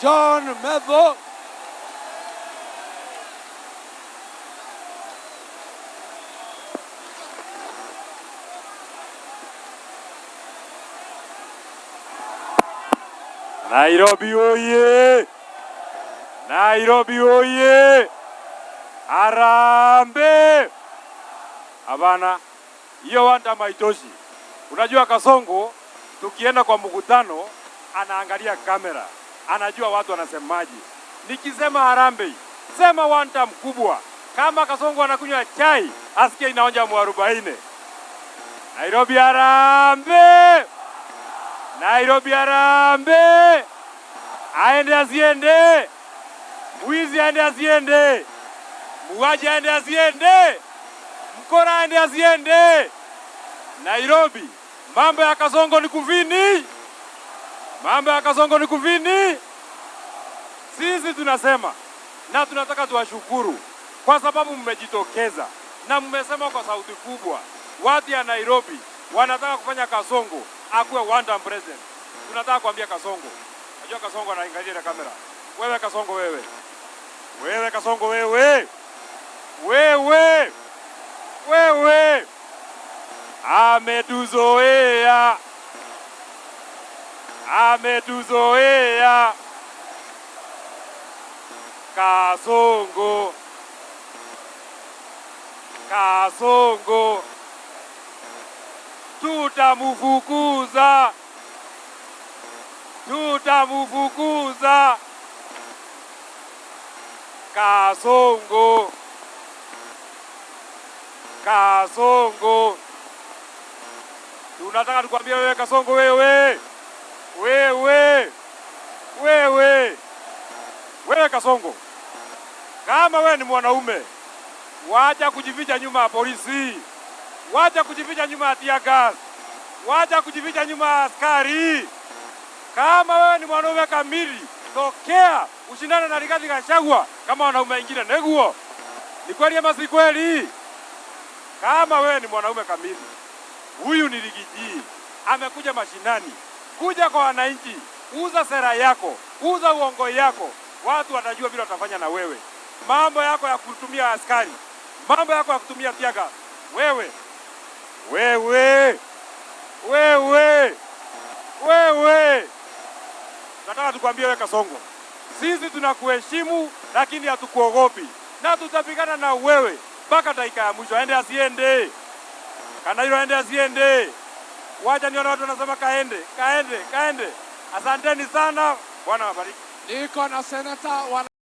John Medlock. Nairobi oye! Nairobi oye! Arambe! Habana, hiyo wanda maitoshi. Unajua Kasongo tukienda kwa mkutano anaangalia kamera anajua watu wanasemaje. Nikisema harambei, sema wanta mkubwa. Kama Kasongo anakunywa chai, asikie inaonja mwarobaini. Nairobi harambe, Nairobi harambe. Aende asiende, mwizi aende asiende, muaji aende asiende, mkora aende asiende. Nairobi mambo ya Kasongo ni kuvini. Mambo ya Kasongo ni kuvini. Sisi tunasema na tunataka tuwashukuru kwa sababu mmejitokeza na mmesema kwa sauti kubwa, watu ya Nairobi wanataka kufanya Kasongo akuwe one time president. Tunataka kuambia Kasongo, najua Kasongo anaangalia na kamera. Wewe Kasongo, wewe wewe Kasongo, wewe wewe wewe, ametuzoea ametuzoea Kasongo, Kasongo tutamufukuza, tutamufukuza Kasongo, Kasongo. Tunataka tukwambia wewe Kasongo, wewe wewe wewe wewe, Kasongo, kama wewe ni mwanaume, wacha kujificha nyuma ya polisi, wacha kujificha nyuma ya tiagas, wacha kujificha nyuma ya askari. Kama wewe ni mwanaume kamili, tokea ushindane na Rigathi Gachagua kama wanaume wengine. Neguo ni kweli ama si kweli? Kama wewe ni mwanaume kamili, huyu ni Rigiji amekuja mashinani kuja kwa wananchi, uza sera yako, uza uongo yako, watu watajua vile watafanya na wewe. Mambo yako ya kutumia askari, mambo yako ya kutumia tiaga, wewe wewe wewe wewe, nataka tukwambie wewe Kasongo, sisi tunakuheshimu lakini hatukuogopi na tutapigana na wewe mpaka dakika ya mwisho. Aende asiende, Kanairo aende asiende. Wacha ndio watu wanasema kaende, kaende, kaende. Asanteni sana, Bwana wabariki. Niko na wana...